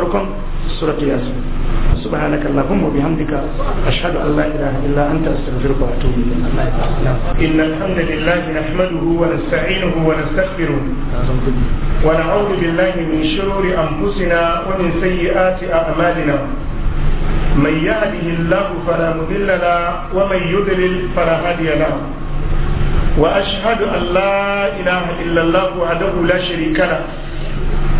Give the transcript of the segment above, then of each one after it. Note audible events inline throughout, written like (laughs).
farkon surat yasin subhanaka allahumma bihamdika ashhadu an la ilaha illa anta astaghfiruka wa atubu ilayk inna alhamdulillah nahmaduhu wa nasta'inuhu wa nastaghfiruh wa na'udhu billahi min shururi anfusina wa min sayyiati a'malina من يهده الله فلا مضل له ومن يضلل فلا هادي له واشهد ان لا اله الا الله وحده لا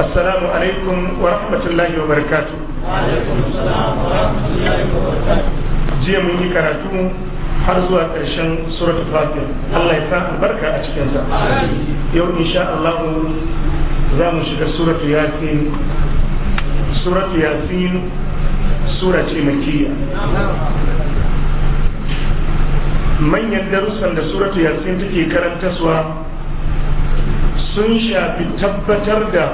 assalamu alaikum wa rahmatullahi wa وعليكم jiya mun yi karatu har zuwa ƙarshen suratul fatir Allah ya sa albarka a cikinsa yau insha Allah za mu shiga suratu yasin suratu yasin sura ce makiyya manyan darussan da suratu yasin take karantaswa sun shafi tabbatar da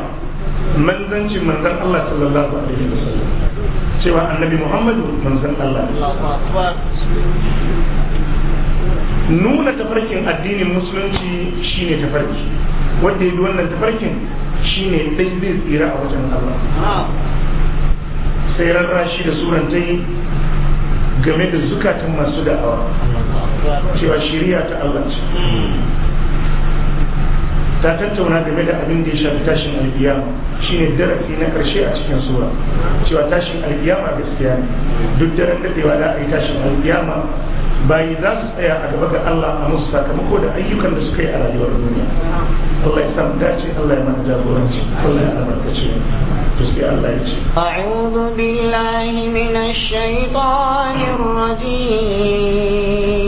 manzancin manzan Allah sallallahu alaihi wasallam cewa annabi Muhammadu manzan Allah nuna tafarkin addinin musulunci shine tafarki wanda ya bi wannan tafarkin shine dai zai tsira a wajen Allah sai rarrashi da yi game da zukatan masu da'awa cewa shiriya ta Allah ce ta tattauna game da abin da ya shafi tashin alkiyama shine darasi na karshe a cikin sura cewa tashin alkiyama gaskiya ne duk daren daɗewa da a yi tashin alkiyama bayi za su tsaya a gaba ga Allah a musu sakamako da ayyukan da suka yi a rayuwar duniya Allah ya samu dace Allah ya mana jagoranci Allah ya albarkace to sai Allah ya ce a'udhu billahi minash shaitanir rajim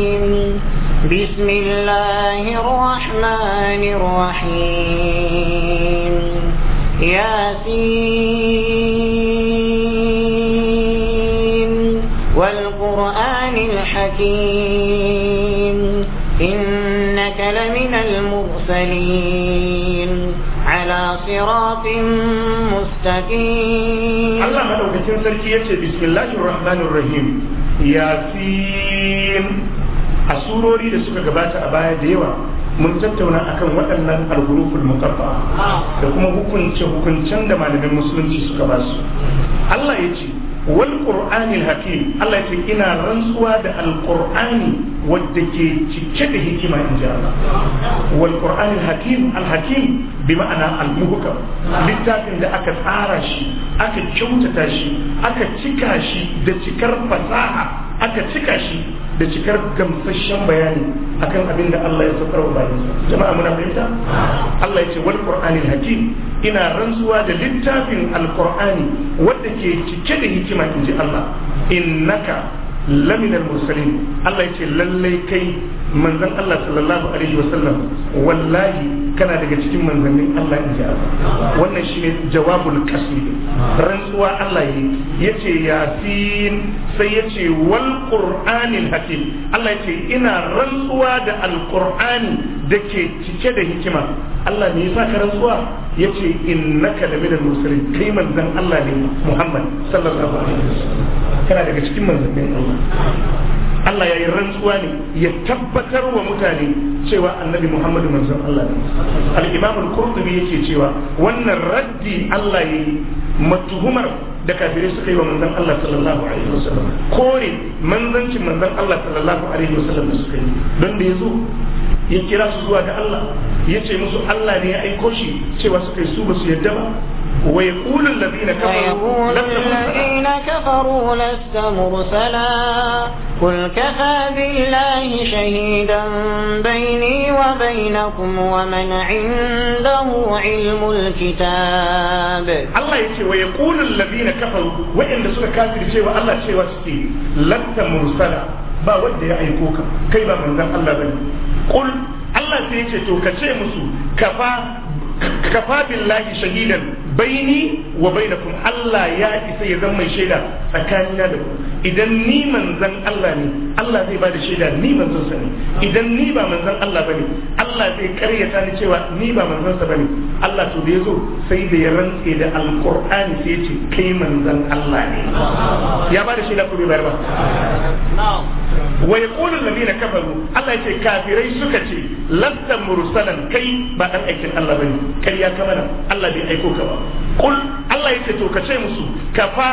بسم الله الرحمن الرحيم ياسين والقرآن الحكيم إنك لمن المرسلين على صراط مستقيم الله ملوكة بسم الله الرحمن الرحيم ياسين a surori da suka gabata a baya da yawa mun tattauna akan waɗannan al-huruful da kuma hukunce hukuncen da malamin musulunci suka ba su Allah ya ce wal qur'anil hakim Allah ya ce ina rantsuwa da al wadda ke cike da hikima in ji Allah wal qur'anil hakim al-hakim bi ma'ana al-muhkam littafin da aka tsara shi aka kyautata shi aka cika shi da cikar fasaha aka cika shi da cikar gamsashen bayani akan abin da Allah ya saukar wa bayan jama'a muna fahimta Allah ya ce wal qur'anil hakim ina rantsuwa da littafin alqur'ani wanda ke cike da hikima inji Allah innaka laminar mursalin Allah ya ce lallai kai manzon Allah sallallahu alaihi wasallam wallahi kana daga cikin manzannin Allah in ji Allah wannan shine jawabul qasmi rantsuwa Allah ya yace yasin sai yace wal qur'anil hakim Allah yace ina rantsuwa da da dake cike da hikima Allah ne sa ka rantsuwa yace innaka laminal mursalin kai manzan Allah ne Muhammad sallallahu alaihi wasallam kana daga cikin manzannin Allah Allah ya yi rantsuwa ne ya tabbatar wa mutane cewa annabi Muhammadu manzon Allah ne al-Imam yake cewa wannan raddi Allah ya yi matuhumar da kafirai suka yi wa manzon Allah sallallahu alaihi wasallam kore manzancin manzon Allah sallallahu alaihi wasallam da suka yi don da zo ya kira su zuwa ga Allah ya ce musu Allah ne ya aiko shi cewa suka yi su ba su yadda ba ويقول الذين كفروا الذين كفروا لست مرسلا قل كفى بالله شهيدا بيني وبينكم ومن عنده علم الكتاب الله يتي ويقول الذين كفروا وإن سورة كافر شيء الله شيء واسكي لست مرسلا با ود يا أيكوكا كيف من الله بني قل الله سيتي تو كشي مسو كفى كفى بالله شهيدا baini wa bainakum Allah ya isa ya zama mai shaida tsakanina da ku idan ni manzan Allah ne Allah zai bada shaida ni manzon sa ne idan ni ba manzan Allah bane Allah zai karyata ni cewa ni ba manzon sa bane Allah to da yazo sai da ya rantse da alqur'ani sai ya ce kai manzan Allah ne ya bada shaida ko bai ba wa yaqulu alladhina kafaru Allah ya ce kafirai suka ce lasta mursalan kai ba dan aikin Allah bane kai ya kamana Allah bai aiko ka ba kul Allah ya ce to ka ce musu kafa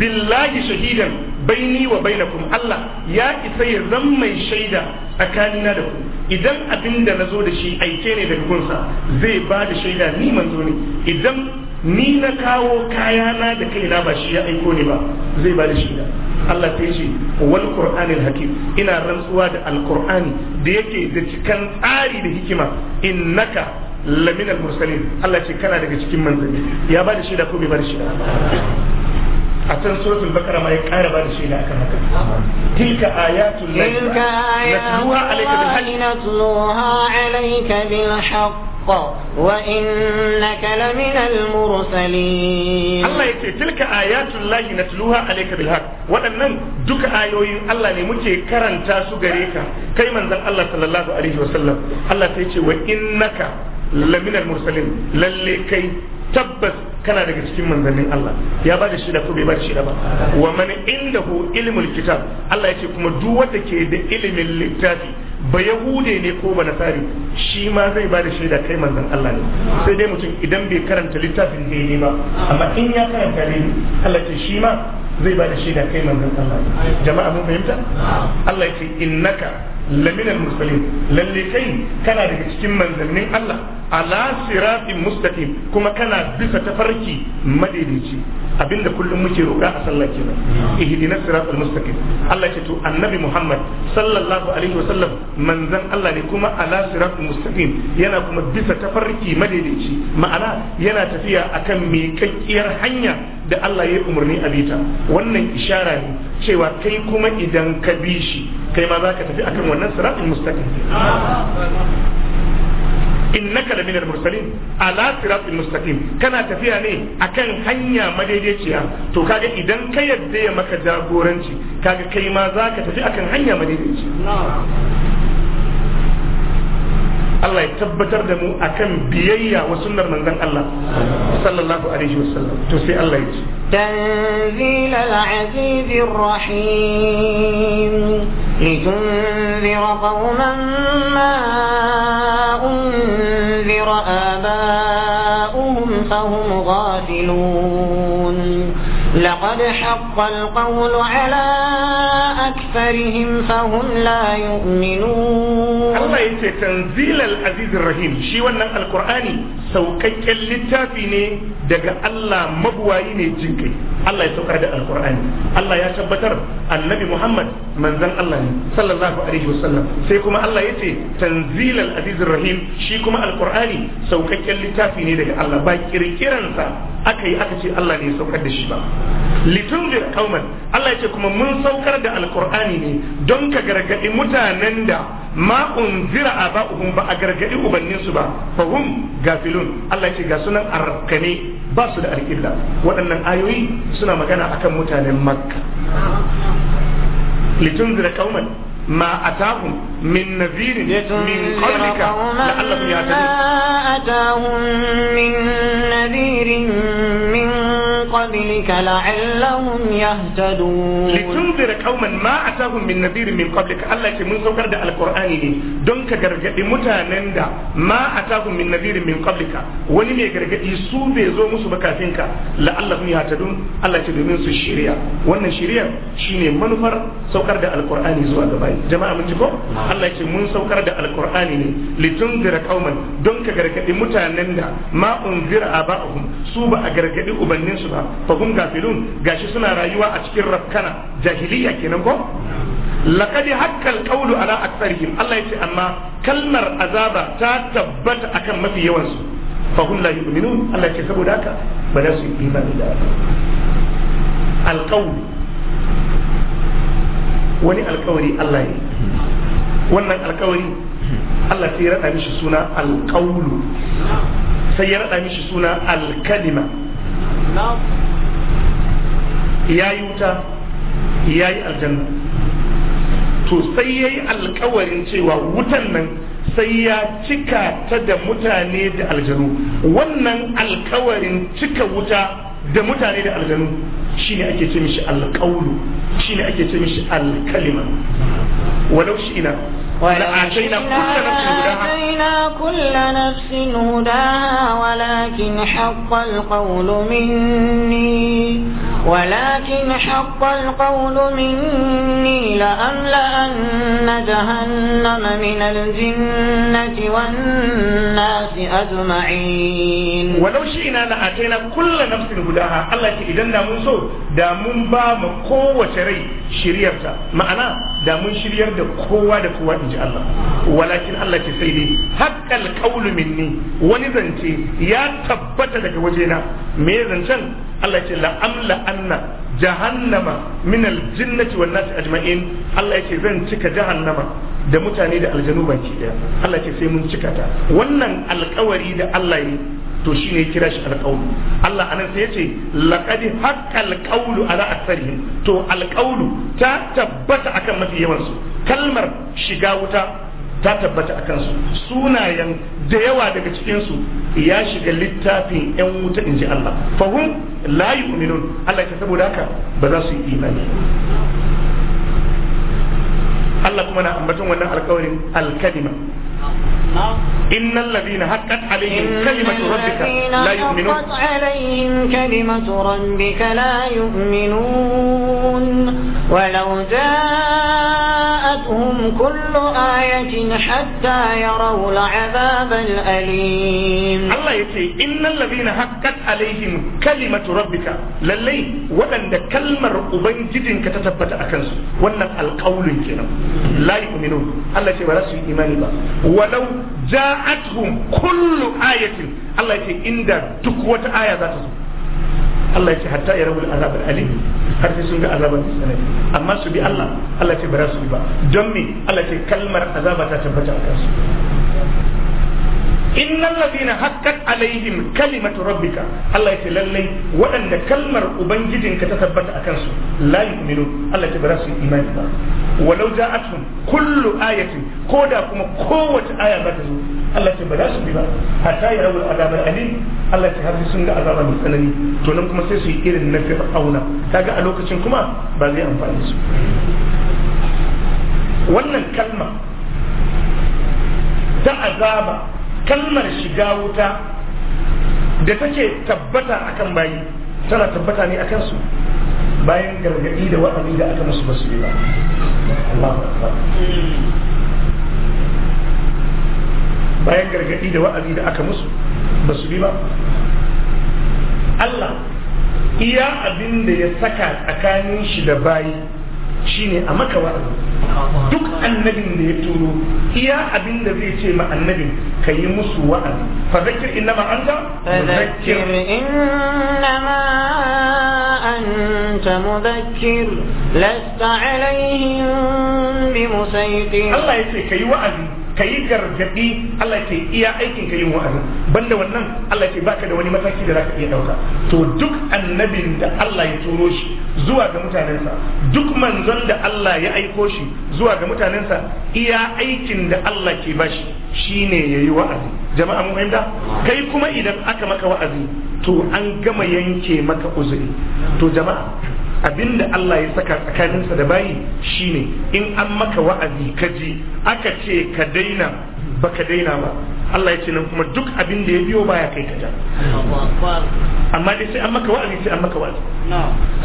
billahi shahidan baini wa bainakum Allah ya isa ya mai shaida tsakanina da ku idan abin da na zo da shi aike ne daga kunsa zai ba da shaida ni manzo ne idan ni na kawo kayana da kaina ba shi ya aiko ne ba zai ba da shaida Allah ta ce wal qur'anil hakim ina rantsuwa da alqur'ani da yake da cikan tsari da hikima innaka lamin mursalin Allah ce kana daga cikin manzanni ya ba da shaida ko bai ba da shaida a can suratul bakara ma ya kara ba da shaida akan haka tilka ayatul tilka ayatul natluha alayka bil haqq wa innaka lamin al-mursalin Allah yake tilka ayatul lahi natluha alayka bil haqq waɗannan duka ayoyin Allah ne muke karanta su gare ka kai manzon Allah sallallahu alaihi wasallam Allah sai ce wa innaka Laminar mursalin lalle kai tabbas kana daga cikin manzannin Allah ya ba da shida ko bai ba shida ba wa man indahu ilmul kitab Allah ce kuma duk wanda ke da ilimin littafi ba yahude ne ko ba nasari shi ma zai ba da shaida kai manzon Allah ne sai dai mutum idan bai karanta littafin da ba amma in ya karanta ne Allah ce shi ma zai ba da shaida kai manzon Allah ne jama'a mun fahimta Allah yace innaka laminal mursalin lalle kai kana daga cikin manzannin Allah ala siratin kuma kana bisa tafarki madaidaici abinda muke roƙa a sallah kenan ihdina siratal mustaqim Allah ce to annabi Muhammad sallallahu wa sallam manzan Allah ne kuma ala yana kuma bisa tafarki madaidaici ma'ana yana tafiya akan miƙaƙƙiyar hanya da Allah ya yi umarni a bita wannan ishara ne cewa kai kuma idan ka bi shi kai ma za ka tafi akan wannan siratul mustaqim innaka la minal mursalin kana tafiya ne akan hanya madaidaiciya to kaga idan ka yadda ya maka jagoranci kaga kai ma zaka tafi akan hanya madaidaiciya Allah ya tabbatar da mu akan biyayya wa sunnar manzon Allah Allah ya ce تنزيل العزيز الرحيم لتنذر قوما ما أنذر آباؤهم فهم غافلون لقد حق القول على أكثرهم فهم لا يؤمنون الله يتي تنزيل العزيز الرحيم شي wannan alqur'ani saukakken littafi ne daga Allah mabwayi ne jinkai Allah ya saukar da alqur'ani Allah ya tabbatar annabi Muhammad manzon Allah ne sallallahu alaihi wasallam sai kuma Allah yace tanzil al-aziz rahim shi kuma alqur'ani saukakken littafi ne daga Allah ba kirkiransa aka yi aka ce Allah ne ya saukar da shi ba litunzir qauman Allah ce kuma mun saukar da alqur'ani ne don ka gargaɗi mutanen da ma unzira a ba a gargadi ubannin ba fa hum gafilun Allah ce ga sunan arkane ba su da alƙilla waɗannan ayoyi suna magana akan mutanen makka litunzir qauman ما أتاهم من نذير من قبلك لعلهم يهتدون ما أتاهم من نذير قبلك لعلهم يهتدون لتنذر قوما ما أتاهم من نذير من قبلك الله يتي من سوكر دا القرآن دي دون كغرغد متانن ما أتاهم من نذير من قبلك وني مي غرغد يسو بي زو لعلهم يهتدون الله يتي دومين سو شريعة wannan shiriyar shine manufar saukar da alqur'ani zuwa ga bayi jama'a mun ji ko Allah yake mun saukar da alqur'ani ne litunzira qauman don ka gargadi mutanen da ma unzira su ba a gargadi ubanninsu ba fa hum gashi suna rayuwa a cikin rafkana jahiliya kenan ko laqad hakkal qawlu amma kalmar azaba ta tabbata akan mafi yawan su fa wani Allah ne wannan alkawari Allah sai ya rada mishi suna alqawlu sai ya rada mishi suna alkalima ya yi wuta ya yi aljanna to sai ya yi alkawarin cewa wutan nan sai ya cika ta da mutane da aljanu wannan alkawarin cika wuta da mutane da aljanu shine ake ce mishi alƙaulu shine ake ce mishi alkalima walau shi ina لآتينا كل نفس هداها ولكن حق القول مني ولكن حق القول مني لأملأن جهنم من الجنة والناس أجمعين ولو شئنا لأتينا كل نفس هداها الله إذا دا من سو دا من با مقوة شري شريرتا معنا دا من شرير دا قوة دا قوة إن شاء الله ولكن الله سيدي حق القول مني ونزنتي يا تبتدك وجينا ميزن شن الله تلا أملأ anna jahannama min aljinnati wan nas ajma'in Allah yake zan cika jahannama da mutane da aljanu baki daya Allah yake sai mun cika ta wannan alkawari da Allah yi to shine ne kira shi alƙaulu Allah anan sai yace laqad haqqa alqawlu ala aktharihim to alƙaulu ta tabbata akan mafi yawan su kalmar shiga wuta ta tabbata a kansu sunayen da yawa daga cikinsu ya shiga littafin yan wuta in ji Allah fahim la yu'minun Allah ta saboda haka ba za su yi imani Allah kuma na ambaton wannan alkawarin alkalima إن الذين حقت عليهم كلمة ربك لا يؤمنون عليهم كلمة ربك لا يؤمنون ولو جاءتهم كل آية حتى يروا العذاب الأليم الله يتي إن الذين حقت عليهم كلمة ربك للي ولن كلمة أبين جد كتتبت أكنس ولن القول كنا لا يؤمنون الله يتي ورسل إيماني با ولو جاءتهم كل آية الله يتي إن دا دك آية ذات Allah ya ce hatta ya rabu azab alim har sai sun ga azaban sanai amma su bi Allah Allah ya ce ba su bi ba don me Allah ya ce kalmar azaba ta tabbata a kansu innal ladina haqqat alaihim kalimatu rabbika Allah ya ce lallai waɗanda kalmar ubangijinka ta tabbata a kansu, la yu'minu Allah ya ce ba za su yi imani ba walau ja'atuhum kullu ayatin da kuma kowace aya ba ta zo Allah ya ce ba za su bi ba hatta ya rabu azab alim Allah ya ce har sun ga azaba mai tsanani to nan kuma sai su yi irin na fir'auna kaga a lokacin kuma ba zai amfani su wannan kalma ta azaba kalmar shiga wuta da take tabbata akan bayi tana tabbata ne akan su bayan gargadi da wa'azi da aka musu basu ba bayan gargadi da wa'azi da aka musu basu bi ba Allah iya abin da ya saka tsakanin shi da bayi shine a maka wa'azi duk annabin da ya turo iya abin da zai ce ma annabin ka yi musu wa'azi fa zakir innama anta muzakkir innama anta muzakkir lasta alaihim bi musaytir Allah yace kai wa'azi ka yi gargadi Allah ce iya aikin ka yin wa'azi banda wannan Allah ce baka da wani mataki da zaka iya ɗauka. to duk annabin da Allah ya turo shi zuwa ga mutanensa duk manzon da Allah ya aiko shi zuwa ga mutanensa iya aikin da Allah ke bashi shine yayi wa'azi jama'a mun fahimta kai kuma idan aka maka wa'azi to an gama yanke maka uzuri to jama'a Abin da Allah ya saka tsakaninsa da bayi shine in an maka wa'azi ka je aka ce ka daina ba ka daina ba Allah ya ce nan kuma duk abin da ya biyo baya kai ka ja amma dai sai an maka wa'azi sai an maka wa'azi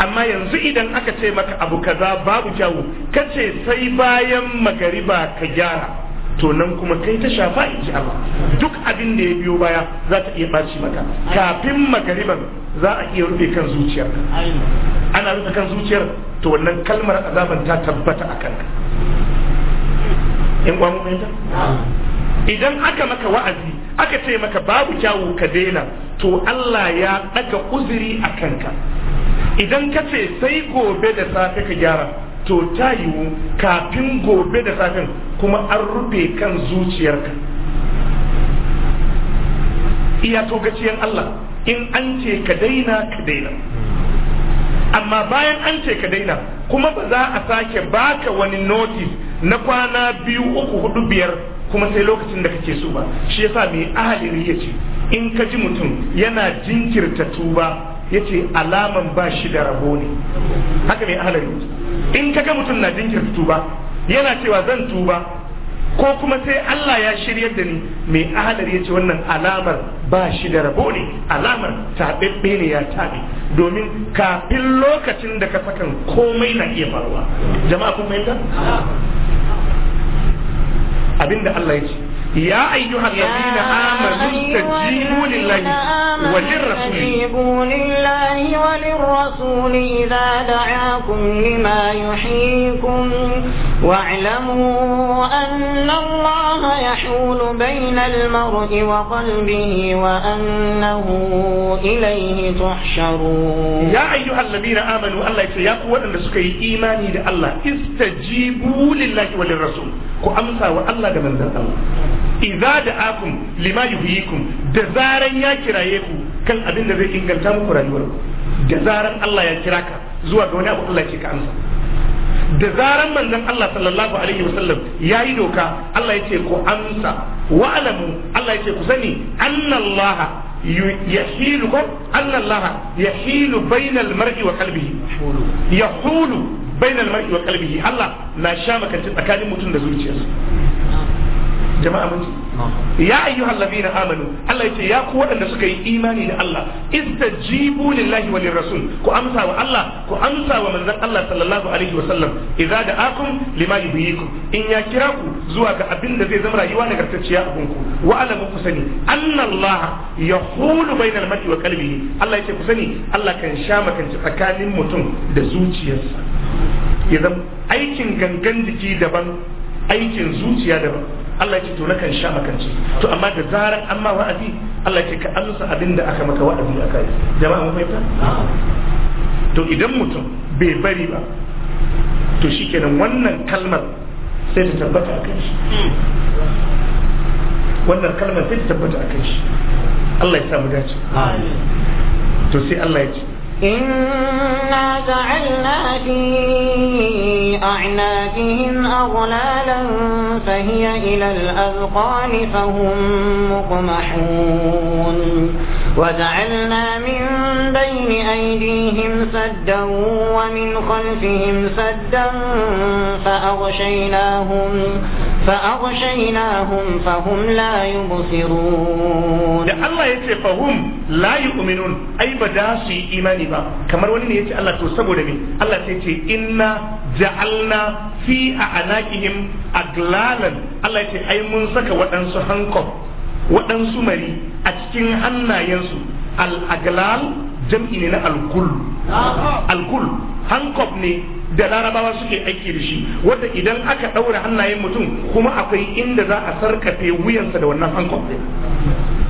amma yanzu idan aka ce maka abu kaza babu kyawu kace sai bayan magariba ka gyara to nan kuma kai ta shafa in ji Allah duk abin da ya biyo baya za ta iya ɓaci maka kafin magariban za a iya rufe kan zuciyar ana rufe kan zuciyar to wannan kalmar azaban ta tabbata a kanka in kwamu fahimta idan aka maka wa'azi aka ce maka babu kyawu ka daina to Allah ya ɗaga uzuri a kanka idan ka ce sai gobe da safe ka gyara to ta yiwu kafin gobe da safin kuma an rufe kan zuciyarka iya togaciyan Allah in an ce ka daina ka daina amma bayan an ce ka daina kuma ba za a sake baka wani notice na kwana biyu uku hudu biyar kuma sai lokacin da kake so ba shi yasa mai ahalin ya ce in ka ji mutum yana jinkirta tuba yace alaman ba shi da rabo ne haka mai ahalari in kaga mutum na jinkirta tuba yana cewa zan tuba ko kuma sai Allah ya shiryar da ni mai ahalari yace wannan alamar ba shi da rabo ne alamar bebe ne ya tabe domin kafin lokacin da ka sakan komai na iya faruwa jama'a kun fahimta abinda Allah ya ce يا أيها الذين آمنوا استجيبوا لله وللرسول لله وللرسول إذا دعاكم لما يحييكم واعلموا أن الله يحول بين المرء وقلبه وأنه إليه تحشرون يا أيها الذين آمنوا الله يتياقوا أن سكي إيماني لله استجيبوا لله وللرسول وأمسى والله دمن الله إذا دعاكم لما يهيكم دزارا يا كرايكم كان أبين ذي إنجلتام كرايكم دزارا الله يا كراكا زوا دوني أبو الله يتياقوا أمسى da zaran manzon Allah sallallahu alaihi wasallam yayi doka Allah yace ku amsa wa alamu Allah yace ku sani annallaha yahilu ko annallaha yahilu bainal mar'i wa qalbihi yahulu bainal mar'i wa qalbihi Allah na sha makanci tsakanin mutum da zuciyarsa jama'a mutum ya ayyuhal na amanu Allah yace ya ku waɗanda suka yi imani da Allah istajibu lillahi wa lirrasul ku amsa wa Allah ku amsa wa manzon Allah sallallahu alaihi wa sallam idza da'akum lima yuhyikum in ya kira ku zuwa ga abin da zai zama rayuwa na gartacciya a gunku wa alamu ku sani anna Allah yahulu bainal mar'i wa qalbihi Allah yace ku sani Allah kan sha makanci tsakanin mutum da zuciyarsa ya aikin gangan jiki daban aikin zuciya daban Allah ce to na kan sha ce to amma da zaran an ma wa'azi Allah ce ka amsa abin da aka maka wa'azi a kai jama'a mun fahimta to idan mutum bai bari ba to shikenan wannan kalmar sai ta tabbata a kai shi wannan kalmar sai ta tabbata a kai shi Allah ya samu dace to sai Allah ya ce إنا جعلنا في أعناقهم أغلالا فهي إلى الأذقان فهم مقمحون وجعلنا من بين أيديهم سدا ومن خلفهم سدا فأغشيناهم فأغشيناهم فهم لا يبصرون da Allah ya ce fahum la yu'minun ai ba da su yi imani ba kamar wani ne ya ce Allah to saboda me Allah sai ce inna ja'alna fi a aglalan Allah ya ce ai mun saka waɗansu hanko. waɗansu mari a cikin hannayensu al-aglal jam'i ne na al-kul al ne da larabawa suke aiki da shi wanda idan aka ɗaura hannayen mutum kuma akwai inda za a sarkafe wuyansa da wannan hankon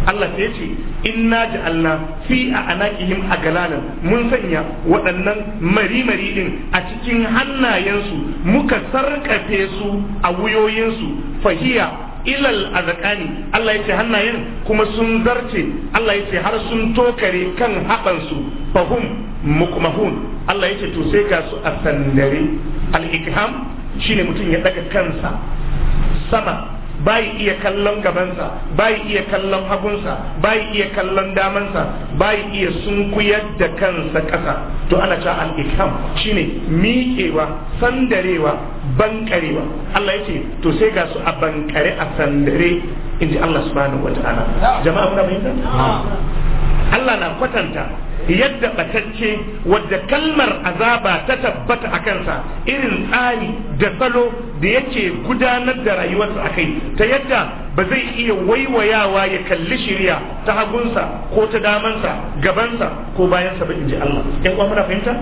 Allah ta ce inna ja'alna fi a anakihim agalalan mun sanya waɗannan mari-mari din a cikin hannayensu muka sarkafe su a wuyoyinsu fahiya ilal azakani Allah ya ce hannayen kuma sun zarce Allah ya ce har sun tokare kan haɓansu fahum mukmahun Allah yake to sai ga su a sandare al-ikham shine mutum ya daga kansa sama bai iya kallon gabansa bai iya kallon hagunsa bai iya kallon damansa bai iya sunkuyar da kansa ƙasa to ana cewa al-ikham shine miƙewa sandarewa bankarewa Allah yake to sai ga su a bankare a sandare inji Allah subhanahu wataala jama'a kuna fahimta Allah na kwatanta yadda batacce wadda kalmar azaba ta tabbata a kansa irin tsari da salo da yake gudanar da rayuwarsa a kai ta yadda ba zai iya waiwayawa ya kalli shirya ta hagunsa ko ta damansa gabansa ko bayansa ba in ji Allah yan uwa muna fahimta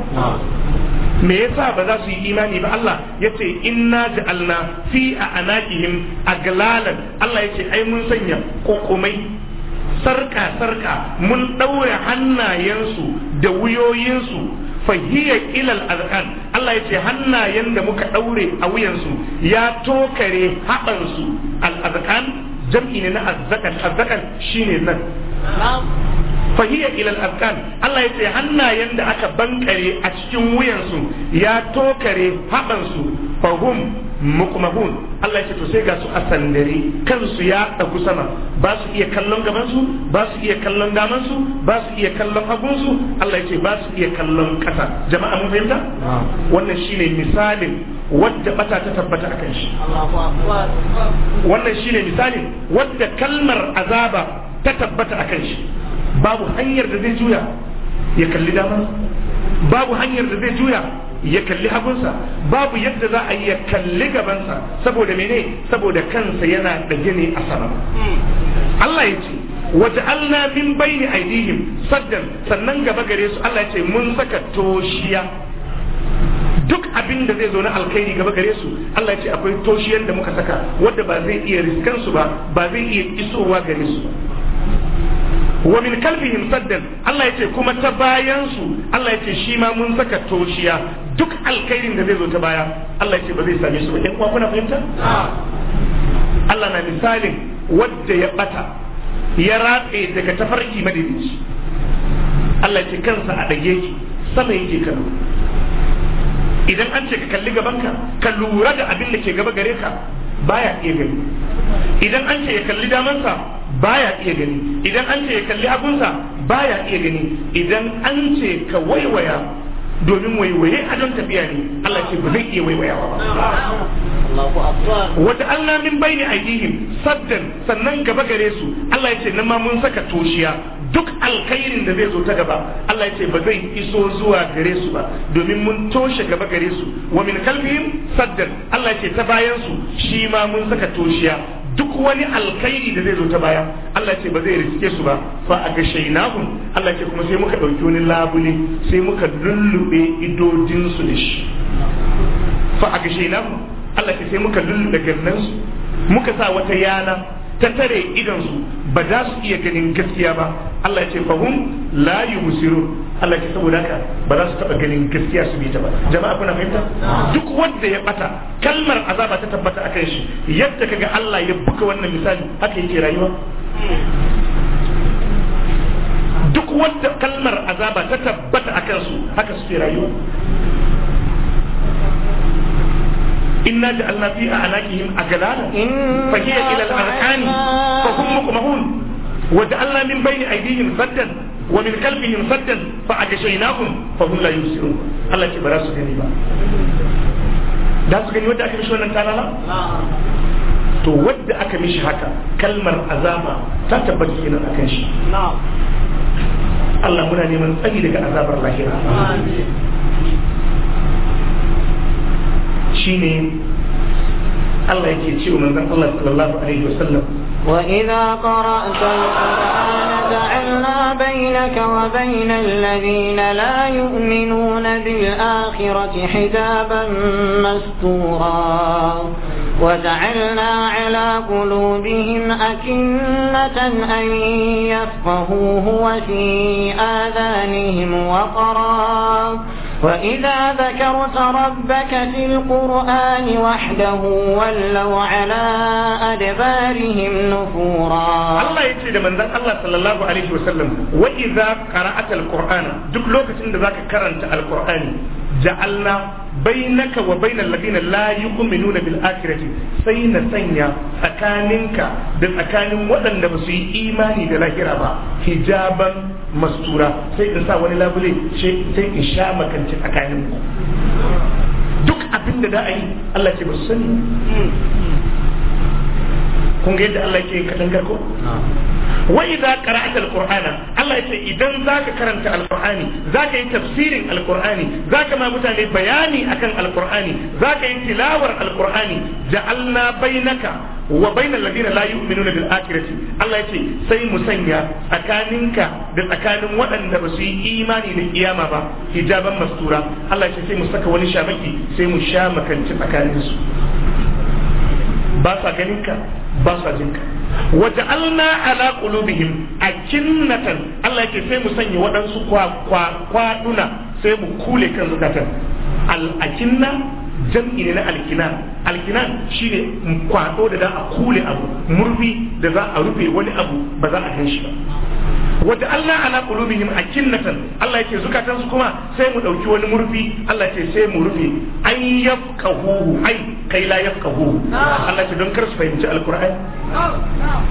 me yasa ba za su yi imani ba Allah ya ce inna ja'alna fi a anaqihim aglalan Allah ya ce ai mun sanya kokomai sarka-sarka mun ɗaure hannayensu da wuyoyinsu fahiyar ilal azkan Allah ya ce hannayen da muka ɗaure a wuyansu ya tokare haɓansu al jam'i ne na azzakan azzakan shine nan fahiya ilal afkan Allah ya ce hannayen da aka bankare a cikin wuyansu ya tokare haɓansu fahum mukmahun Allah ya ce to sai ga su a sandare kansu ya ɗagu sama ba su iya kallon gabansu ba su iya kallon damansu ba su iya kallon hagunsu Allah ya ce ba su iya kallon ƙasa jama'a mun fahimta wannan shine misalin wadda bata ta tabbata akan shi wannan shine misalin wadda kalmar azaba ta tabbata akan shi babu hanyar da zai juya ya kalli damar babu hanyar da zai juya ya kalli hagunsa babu yadda za a yi ya kalli gabansa saboda mene saboda kansa yana da gini a sama Allah ya ce alna min bayni aidihim saddan sannan gaba gare su Allah ya ce mun saka toshiya duk abin da zai zo na alkhairi gaba gare su Allah ya ce akwai toshiyar da muka saka wadda ba zai iya riskan su ba ba zai iya isowa gare su wa min kalbihim saddan Allah yace kuma ta bayan su Allah yace shi ma mun saka toshiya duk alkhairin da zai zo ta baya Allah yace ba zai same su ba ɗan uwa kuna fahimta Allah na misalin wadda ya bata ya ratse daga tafarki madadici Allah yace kansa a dage ki sama yake kallo idan an ce ka kalli gaban ka, ka lura da abin da ke gaba gare ka baya iya gani idan an ce ya kalli damansa baya iya gani idan an ce ya kalli abunsa baya iya gani idan an ce ka waiwaya domin waiwaye a don tafiya ne Allah ce ba zai iya waiwaya ba wata Allah min bayni aidihim saddan sannan gaba gare su Allah ya ce nan ma mun saka toshiya duk alkhairin da zai zo ta gaba Allah ya ce ba zai iso zuwa gare su ba domin mun toshe gaba gare su wa min kalbihim saddan Allah ya ce ta bayan su shi ma mun saka toshiya duk wani alkhairi da zai zo ta baya Allah ce ba zai riske su ba fa a shaynahum Allah ce kuma sai muka dauki wani labule sai muka lullube idodin su da shi fa a shaynahum Allah ce sai muka lullube gannan su muka sa wata yana ta tare idansu ba za su iya ganin gaskiya ba Allah ya ce fahum la yusiru Allah ce saboda haka ba za su taba ganin gaskiya su bi ta ba jama'a kuna fahimta duk wanda ya bata kalmar azaba ta tabbata a akan shi yadda kaga Allah ya buka wannan misali haka yake rayuwa duk wanda kalmar azaba ta tabbata a kansu haka suke rayuwa إنا جعلنا في أعناقهم أغلالا فهي إلى الأرحام فهم مقمحون وجعلنا من بين أيديهم fa ومن خلفهم سدا فأغشيناهم فهم لا يبصرون barasu كبر ba. da su gani wadda aka mishi wannan talala to wadda aka mishi haka kalmar azaba ta tabbata kenan akan shi Allah muna neman tsani daga azabar lahira shine Allah yake ce wa manzon Allah sallallahu alaihi وإذا قرأت القرآن جعلنا بينك وبين الذين لا يؤمنون بالآخرة حجابا مستورا وجعلنا على قلوبهم أكنة أن يفقهوه وفي آذانهم وقرا وإذا ذكرت ربك في القرآن وحده ولوا على أدبارهم نفورا الله يتي من ذلك الله صلى الله عليه وسلم وإذا قرأت القرآن دك لوكة ذاك كرنت القرآن جعلنا bainaka wa bainal ladina la yu'minuna bil akhirati sai na sanya tsakaninka da tsakanin waɗanda ba su yi imani da lahira ba hijaban mastura sai in sa wani labule sai in sha makanci tsakanin ku duk abinda da a yi Allah ce ba su sani kun ga yadda Allah yake kadan garko wa idza qara'ta alqur'ana Allah ce idan zaka karanta alqur'ani zaka yi tafsirin alqur'ani zaka ma mutane bayani akan alqur'ani zaka yi tilawar alqur'ani ja'alna bainaka wa bainal ladina la yu'minuna bil akhirati Allah yace sai mu sanya tsakaninka da tsakanin waɗanda ba su yi imani da kiyama ba hijaban mastura Allah ce sai mu saka wani shamaki sai mu sha makanci tsakaninsu ba sa ganin ka ba sa jin waja'alna ala qulubihim akinnatan Allah yake sai mu sanya waɗansu kwaduna sai mu kule kan zakatan al-akinna jam'i ne na Al'kina alkinan shine kwado da za a kule abu murfi da za a rufe wani abu ba za a gan ba wata Allah ana ala qulubihim akinnatan Allah ya zukatan su kuma sai mu dauki wani murfi Allah ya ce sai mu rufe an yafqahu ai kai la yafqahu Allah ce don kar su fahimci alqur'ani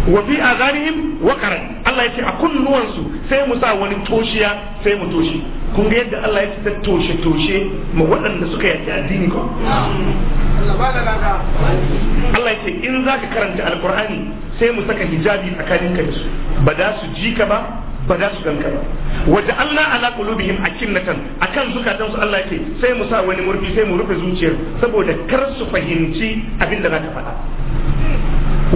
wa fi azanihim waqaran Allah ya ce a kunnuwansu su sai mu sa wani toshiya sai mu toshi kun ga yadda Allah ce ta toshe toshe ma waɗanda suka yaki addini ko Allah ya ce in zaka karanta alqur'ani sai mu saka hijabi tsakaninka da su ba da su ji ka ba ba za su ganka ba waje Allah ala qulubihim akinnatan akan zukatan su Allah yake sai mu sa wani murfi sai mu rufe zuciyar saboda kar su fahimci abin da za ta faɗa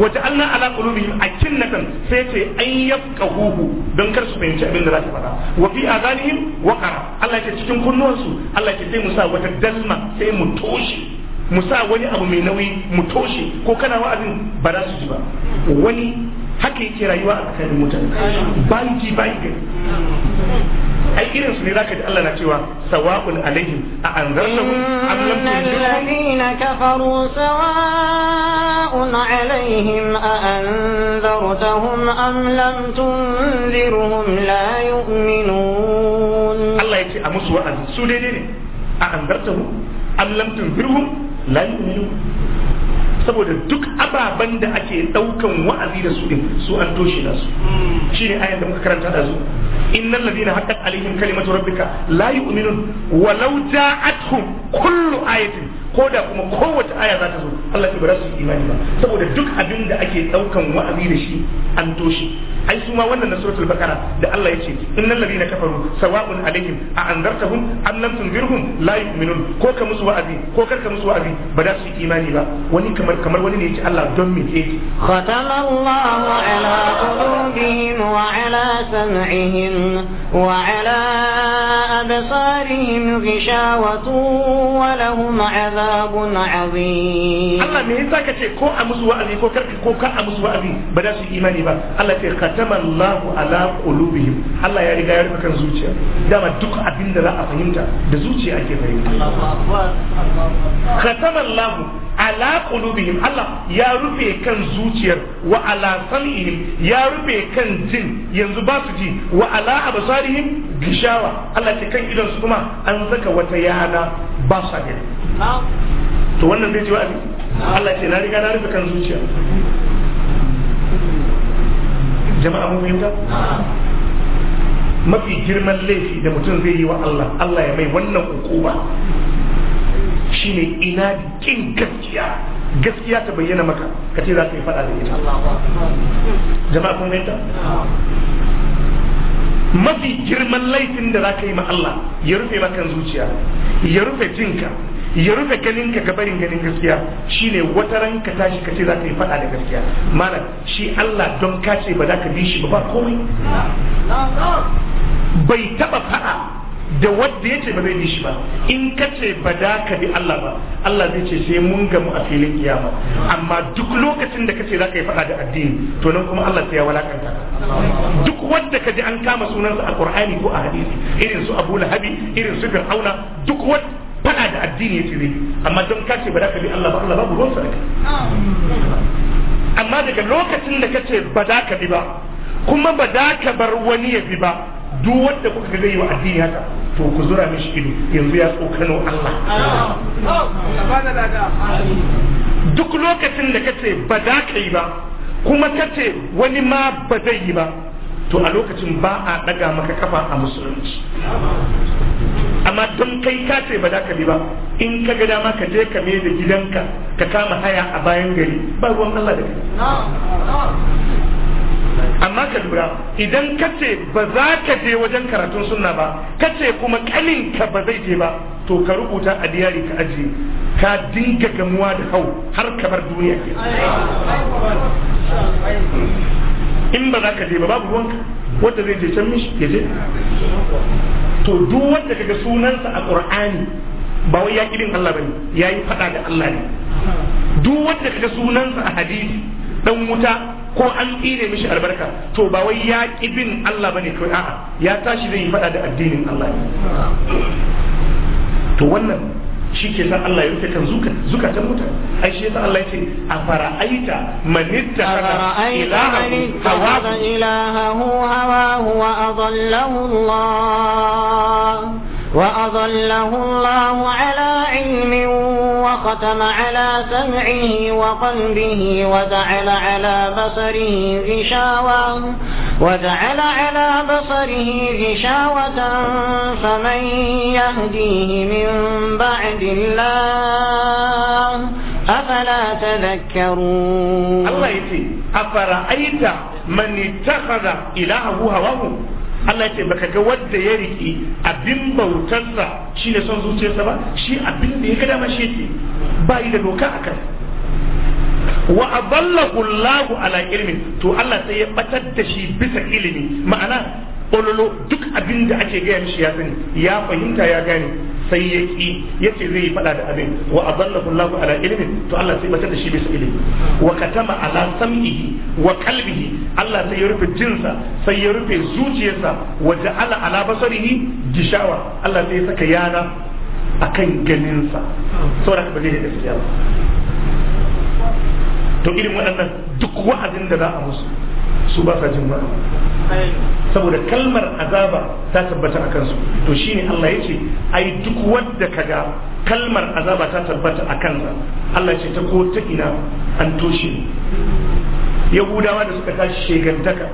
waje Allah ala qulubihim akinnatan sai ce an yafqahuhu don kar su fahimci abin da za ta faɗa wa fi azanihim waqara Allah yake cikin kunnuwansu Allah yake sai mu sa wata dalma sai mu toshe mu sa wani abu mai nauyi mu toshe ko kana wa'azin ba za su ji ba wani haka yake rayuwa a tsakanin mutane banki banki ai irin su ne zaka ji Allah na cewa sawa'un alaihim a anzarnahum am lam tunzirhum kafaru sawa'un alaihim a anzartahum am lam tunzirhum la yu'minun Allah yake a musu wa'azi su daidai ne a anzartahum am lam tunzirhum la yu'minun saboda duk ababen da ake daukan wa'azi da su din su an toshe da su shine ayan da muka karanta da su innal ladina haqqat alaihim kalimatu rabbika la yu'minun walau ja'atuhum kullu ayatin ko da kuma kowace aya za ta zo Allah ya bar su imani ba saboda duk abin da ake daukan wa'azi da shi an toshe ai su ma wannan na suratul baqara da Allah ya yace innal ladina kafaru sawa'un alaihim a anzartahum am lam tunzirhum la yu'minun ko ka musu wa'azi ko kar ka musu wa'azi ba da su imani ba wani kamar kamar wani ne yace Allah don me yake khatama Allah ala qulubihim wa ala sam'ihim wa ala absarihim ghishawatun wa lahum azabun azim Allah me yasa kace ko a musu wa'azi ko kar ko kar a musu wa'azi ba da su imani ba Allah ya ce katama Allahu ala qulubihim Allah ya riga ya rufe kan zuciya dama duk abin da za a fahimta da zuciya ake fahimta katama Allahu ala qulubihim Allah ya rufe kan zuciyar wa ala sam'ihim ya rufe kan jin yanzu ba su ji wa ala absarihim gishawa Allah ce kan idan su kuma an saka wata yana ba su gani to wannan zai ji wa'azi Allah ce na riga na rufe kan zuciya jama'a mun fahimta mafi girman laifi da mutum zai yi wa Allah Allah ya mai wannan hukuma shine ina da kin gaskiya gaskiya ta bayyana maka ka ce za ka yi fada da ita jama'a kun fahimta mafi girman laifin da za ka yi ma Allah ya rufe maka zuciya ya rufe jinka ya rufe ganin ka gabarin ganin gaskiya shine wata ran ka tashi ka ce za ka yi faɗa da gaskiya mana shi Allah don ka ce ba za ka bi shi ba ba komai bai taba faɗa da wadda ya ce ba zai bi shi ba in ka ce ba za ka bi Allah ba Allah zai ce sai mun gamu a filin kiyama amma duk lokacin da ka ce za ka yi faɗa da addini to nan kuma Allah sai ya walakanta duk wanda ka ji an kama sunansa a Qur'ani ko a hadisi irin su Abu Lahabi irin su Fir'auna duk wanda fada da addini yace zai amma don ka ce ba za ka bi Allah ba Allah babu ruwan sa amma daga lokacin da kace ba za ka bi ba kuma ba za ka bar wani ya bi ba duk wanda kuka ga yi wa addini haka to ku zura mishi ido yanzu ya tsokano Allah duk lokacin da kace ba za ka yi ba kuma kace wani ma ba zai yi ba to a lokacin ba a daga maka kafa a musulunci amma don kai ka ce ba za ka bi ba in ka ga dama ka je ka da gidanka ka kama haya a bayan gari ba ruwan Allah da kai amma ka lura idan ka ce ba za ka je wajen karatun sunna ba ka ce kuma kaninka ba zai je ba to ka rubuta a diyari ka ajiye ka dinga gamuwa da hau har ka bar duniya in ba za ka je ba babu ruwanka wanda zai je can mishi ya je to duk wanda kaga sunansa a qur'ani ba wai ya bin Allah bane yayi fada da Allah ne duk wanda kaga sunansa a hadisi dan wuta ko an tsire mishi albarka to ba wai ya bin Allah bane kawai a'a ya tashi zai yi fada da addinin Allah ne to wannan shi ke san Allah ya rufe kan zuka zukatan mutane ai shi yasa Allah ya ce a fara'aita manitta ilaha hawa hawa wa adallahu Allah وأضله الله على علم وختم على سمعه وقلبه وجعل على بصره غشاوة وجعل على بصره غشاوة فمن يهديه من بعد الله أفلا تذكرون الله يتي أفرأيت من اتخذ إلهه هواه Allah ya ce baka ga wanda ya riki abin bautarsa shine son zuciyarsa ba shi abin da ya ga dama shi yake ba yi da doka a kai wa adallahu Allahu ala ilmin to Allah sai ya batar da shi bisa ilimi ma'ana Ƙololo duk abin da ake gaya mishi ya sani ya fahimta ya gane sai ya ki ya ce zai faɗa da abin wa adallahu Allah ala ilmin to Allah sai batar da shi bisa ilimi wa katama ala sam'ihi wa kalbihi Allah sai ya rufe jinsa sai ya rufe zuciyarsa wa ja'ala ala basarihi gishawa Allah sai ya saka yana akan ganinsa saboda ba zai da gaskiya ba to irin waɗannan duk wa'azin da za a musu su ba sa jin ba saboda kalmar azaba ta tabbata a kansu to shine Allah ya ce ai duk wadda ga kalmar azaba ta tabbata a kansa Allah ce ta ko ta ina an toshe yahudawa da suka tashi shegantaka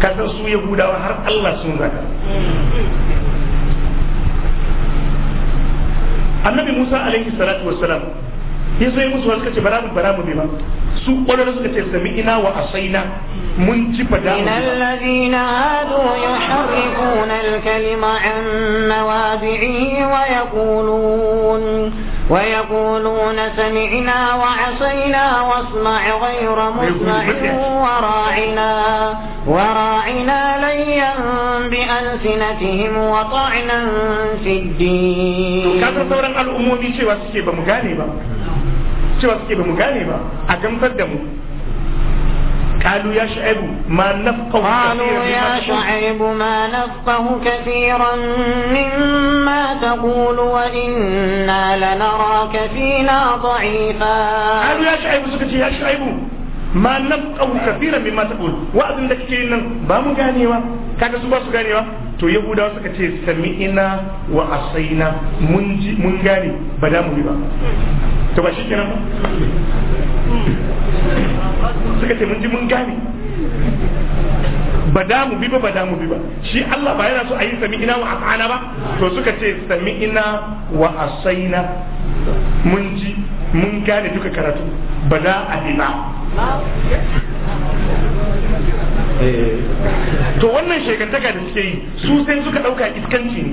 kasan su yahudawa har Allah sun zaka annabi Musa alaihi salatu wassalam ya zo ya musu suka ce bara mu bara mu ne ba su kwarar suka ce sami ina wa asaina mun ji fada mu ina alladhina hadu yuharrifuna al-kalima an mawadi'i wa yaqulun ويقولون سمعنا ra'ina واسمع غير مسمع وراعنا وراعنا ليا بألسنتهم وطعنا في الدين. كثرة الأمور دي شيء واسكي gane ba. cewa suke ba mu gane ba a gamsar da mu قالوا يا شعيب ما نفقه قالوا يا شعيب ما نفقه كثيرا مما تقول وإنا لنراك فينا ضعيفا قالوا يا شعيب سكتي يا شعيب ما نفقه كثيرا مما تقول وأذن لك كينا بام غانيوا كاكا سبا سغانيوا to yahudawa suka ce sami'ina wa asaina mun gane ba da mu ba to ba kenan ba suka ce mun ji mun gane ba da bi ba ba da bi ba shi Allah ba yana so a yi sami'ina wa af'ana ba to suka ce sami'ina wa asaina mun ji mun gane duka karatu ba da a ba to wannan shekantaka da suke yi su sai suka dauka iskanci ne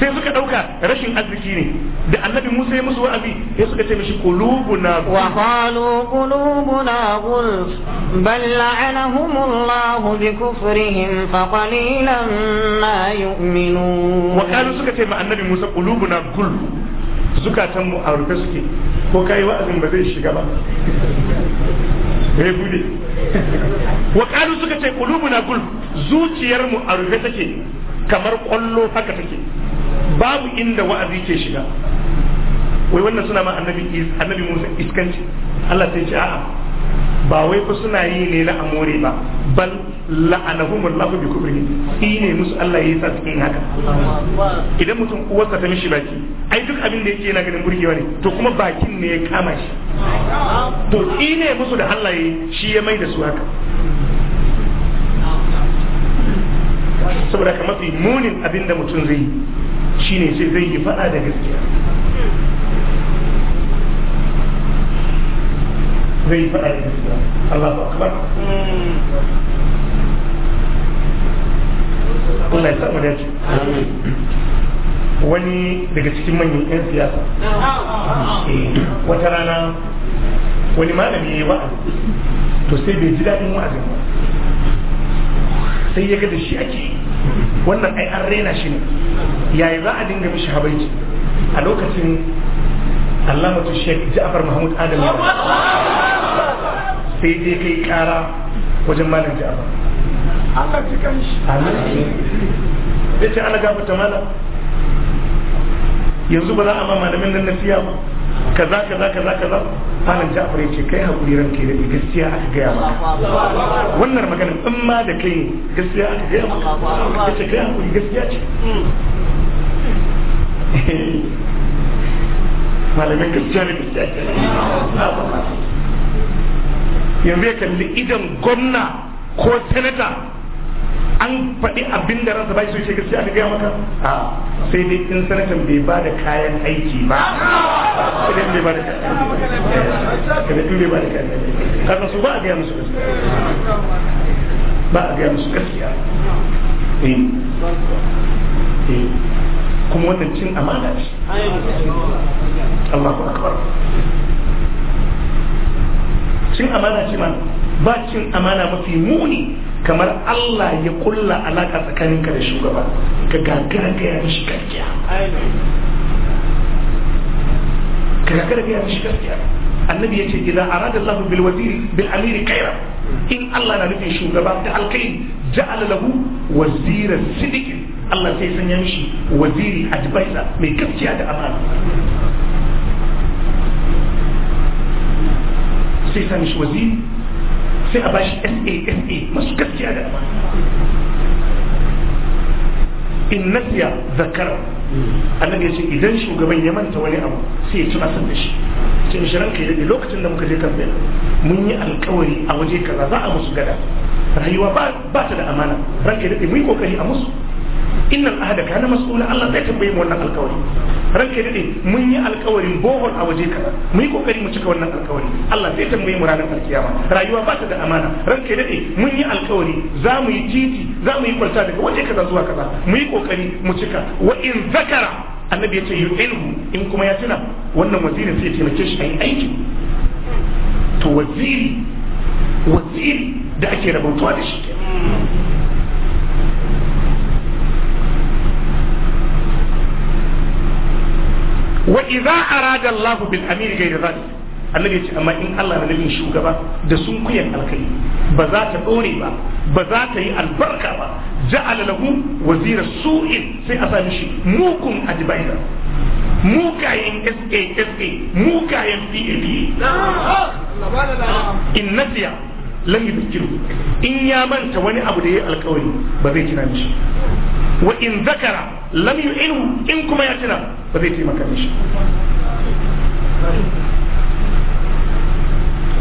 sai suka dauka rashin arziki ne da annabi Musa ya musu wa'azi sai suka ce mishi qulubuna wa qalu qulubuna gul. bal la'anahum Allah bi kufrihim fa qalilan ma yu'minun wa qalu suka ce ma annabi Musa qulubuna gulf zukatan mu a rufe suke ko kai wa'azin ba zai shiga ba (laughs) ya bude wa qalu suka ce qulubuna gul zuciyar mu a rufe take kamar kwallo haka take babu inda wa'azi ke shiga wai wannan suna ma annabi annabi Musa iskanci Allah sai ce a'a ba wai fa suna yi ne na amore ba bal la'anahum Allah bi shi ne musu Allah ya sa cikin haka idan mutum uwarsa ta mishi baki ai duk abin da yake yana ganin burgewa ne to kuma bakin ne ya kama shi to ne musu da Allah ya shi ya mai da su haka saboda ka mafi munin abin da mutum zai yi shine sai zai yi faɗa da gaskiya zai yi faɗa da gaskiya Allahu akbar Allah ya samu dace wani daga cikin manyan 'yan siyasa wata rana wani malami ya yi wa'azi to sai bai ji daɗin wa'azin ba sai ya ga da shi ake yi wannan ai an rena shi ne yayi za a dinga mishi habaici a lokacin to sheikh ja'far mahmud adam sai dai kai kara wajen malam ja'far Allah ji kan shi amin yace ana gafarta malam yanzu ba za a ba malamin nan nasiya ba kaza kaza kaza kaza malam ja'far yace kai hakuri ranke da gaskiya aka gaya maka wannan maganin in ma da kai gaskiya aka gaya maka yace kai hakuri gaskiya ce malamin gaskiya ne gaskiya ce yanzu ya kalli idan gwamna ko senator an faɗi abin da ransa bai so ce gaskiya aka gaya maka a sai dai in sanatan bai ba da kayan aiki ba idan bai ba da kayan aiki ba idan bai ba da kayan aiki kaga su ba a gaya musu gaskiya ba a gaya musu gaskiya eh. Eh. kuma wannan cin amana ce Allahu akbar cin amana ce ma ba cin amana mafi muni kamar Allah ya kulla alaka tsakaninka da shugaba ka gagara gaya shi gaskiya ka gagara gaya shi gaskiya annabi yace idan arada Allah bil waziri bil amiri khaira in Allah na nufin shugaba da alkai ja'ala lahu wazira sidiki Allah sai sanya mishi waziri advisor mai gaskiya da amana sai sanya mishi waziri sai a bashi SASA masu gaskiya da amana in nasiya zakara annabi ya ce idan shugaban ya manta wani abu sai ya ci asan da shi sai shi ranka ya lokacin da muka je kan bayan mun yi alkawari a waje kaza za a musu gada rayuwa ba ta da amana ranka ya dade mun yi kokari a musu innal ahada kana mas'ula Allah zai tambaye mu wannan alkawari ranka dade mun yi alkawarin bohol a waje kaza mu yi kokari mu cika wannan alkawari Allah zai tambaye mu ranar alkiyama rayuwa ba ta da amana ranka dade mun yi alkawari za mu yi titi za mu yi kwalta daga waje kaza zuwa kaza mu yi kokari mu cika wa in zakara annabi ya ce ilmu in kuma ya tuna wannan wazirin sai ya taimake shi a yi aiki to waziri waziri da ake rabautuwa da shi wa idza arada Allah bil amir ghayra zalik annabi ce amma in Allah na nufin shugaba da sun kuyan alkai ba za ta dore ba ba za ta yi albarka ba ja'ala lahu wazira su'in sai a sami shi mukun ajbaida mukayen SASA mukayen PAPA in nasiya lam yuzkiru in ya manta wani abu da ya alkawari ba zai kira mishi wa in zakara lam inu in kuma ya tuna ba zai taimaka mishi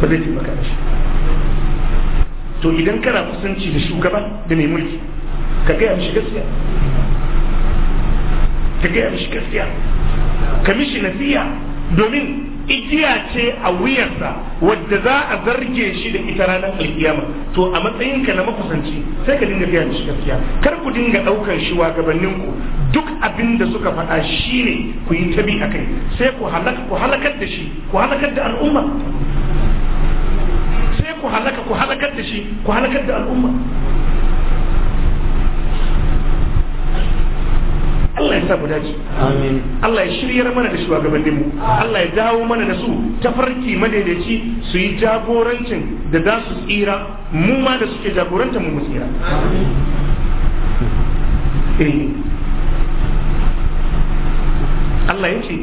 ba zai taimaka mishi to idan kana kusanci da shugaba da mai mulki ka gaya mishi gaskiya ka gaya mishi gaskiya ka mishi nasiya domin igiya ce a wuyarsa wadda za a zarge shi da ita ranar alkiyama to a matsayin ka na makusanci sai ka dinga gaya shi gaskiya kar ku dinga daukan shi wa ku duk abin da suka faɗa shi ne ku yi tabi a kai sai ku halakar da shi ku halakar da al'umma sai ku halaka ku halakar da shi ku halakar da al'umma Allah ya sa mu dace amin Allah ya shiryar mana da shugabannin mu Allah ya dawo mana da su tafarki madaidaici su yi jagorancin da za su tsira mu ma da suke jagorantar mu mu tsira eh. Allah ya ce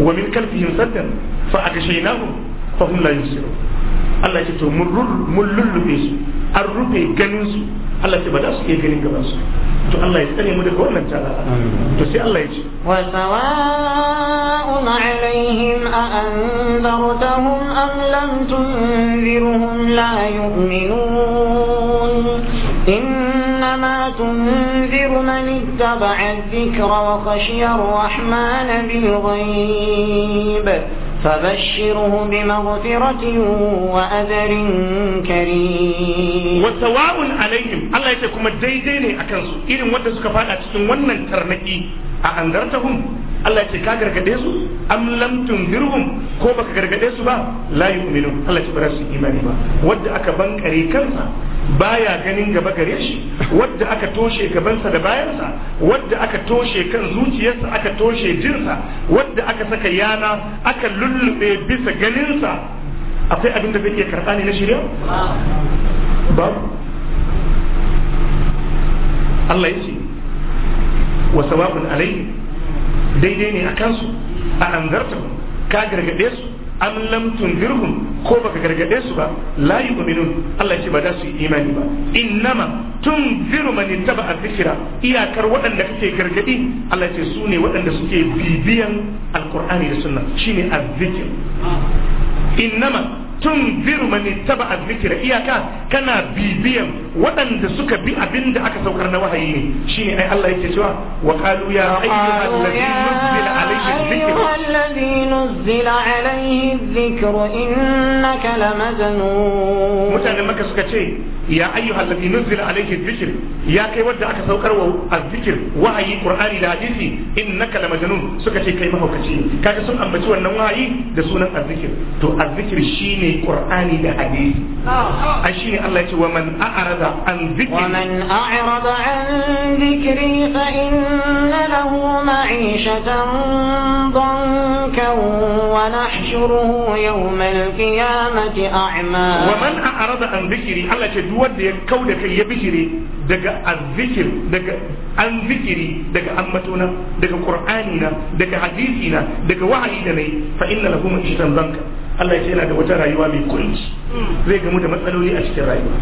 wa min kalfihim saddan fa akashaynahu fa hum la yusiru. Allah ce to mun lullube su an rufe ganin su Allah ce ba za su iya ganin gaban su to Allah ya tsare mu daga wannan tara to sai Allah ya ce wa sawa'un alaihim a anzartahum am lam tunzirhum la yu'minun إنما تنذر من اتبع الذكر وخشي الرحمن بالغيب فبشره بمغفرة وأجر كريم وسواء عليهم الله يتكم irin أكنسو إذن faɗa cikin wannan ونن a أأنذرتهم Allah ce ka gargade su am lam ko baka gargade su ba la yu'minu Allah ce ba su imani ba wanda aka bankare kansa baya ganin gaba gare shi wadda aka toshe gabansa da bayansa wadda aka toshe kan zuciyarsa aka toshe jinsa wadda aka saka yana aka lullube bisa ganinsa akwai abin da zai karɓa ne na shirya ba Allah ya ce wa sawabun alai daidai ne a kansu a anzarta ka gargaɗe su am lam tunzirhum ko baka gargaɗe su ba la yu'minun Allah ya ce ba za su yi imani ba innama tunziru man ittaba dhikra iyakar waɗanda kake gargadi Allah ya ce su ne waɗanda suke bibiyan alqur'ani da sunna shine azzikir innama tunziru man ittaba dhikra iyaka kana bibiyan waɗanda suka bi abin da aka saukar na wahayi ne shine ai Allah yake cewa wa qalu ya ayyuhalladhi nuzzila alayhi dhikru innaka lamajnun mutanen maka suka ce ya ayyuhalladhi nuzzila alayhi dhikru ya kai wanda aka saukar wa azzikr wahayi qur'ani da hadisi innaka lamajnun suka ce kai mahaukaci kaga sun ambaci wannan wahayi da sunan azzikr to azzikr shine qur'ani da hadisi ah, ah. ai shine Allah ya ce wa man a'ara أعرض عن ذكري ومن أعرض عن ذكري فإن له معيشة ضنكا ونحشره يوم القيامة أعمى ومن أعرض عن ذكري الله تدود يكودك يبكري دقى الذكر دقى عن ذكري دقى أمتنا دقى قرآننا دقى حديثنا دقى وعيدنا فإن له معيشة ضنكا Allah ya ce yana da wata rayuwa mai kunci zai gamu da matsaloli a cikin rayuwa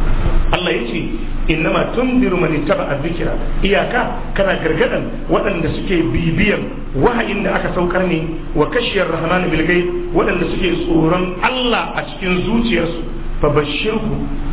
Allah ya ce innama tundiru man ittaba azzikra iyaka kana gargadan waɗanda suke bibiyan wahayin da aka saukar ne wa kashiyar rahman bil ghaib waɗanda suke tsoron Allah a cikin zuciyarsu fa bashirhu